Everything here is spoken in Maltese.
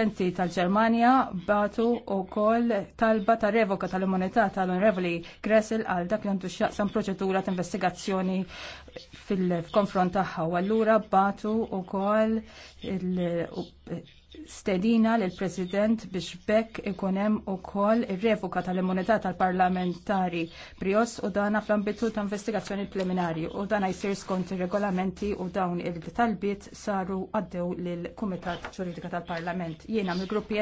assistenti tal germania batu u kol talba ta' revoka tal-immunità tal-Onorevoli Gressel għal dak li għandu xaqsam proċedura ta' investigazzjoni fil-konfront tagħha. U allura batu u koll stedina l president biex bekk ikunem u kol ir-revoka tal-immunità tal-parlamentari prios u dana fl-ambitu ta' investigazzjoni preliminari u dana jisir skont ir-regolamenti u dawn il-talbiet saru għaddew lill-Kumitat Ġuridika tal-Parlament. Jiena mill-gruppi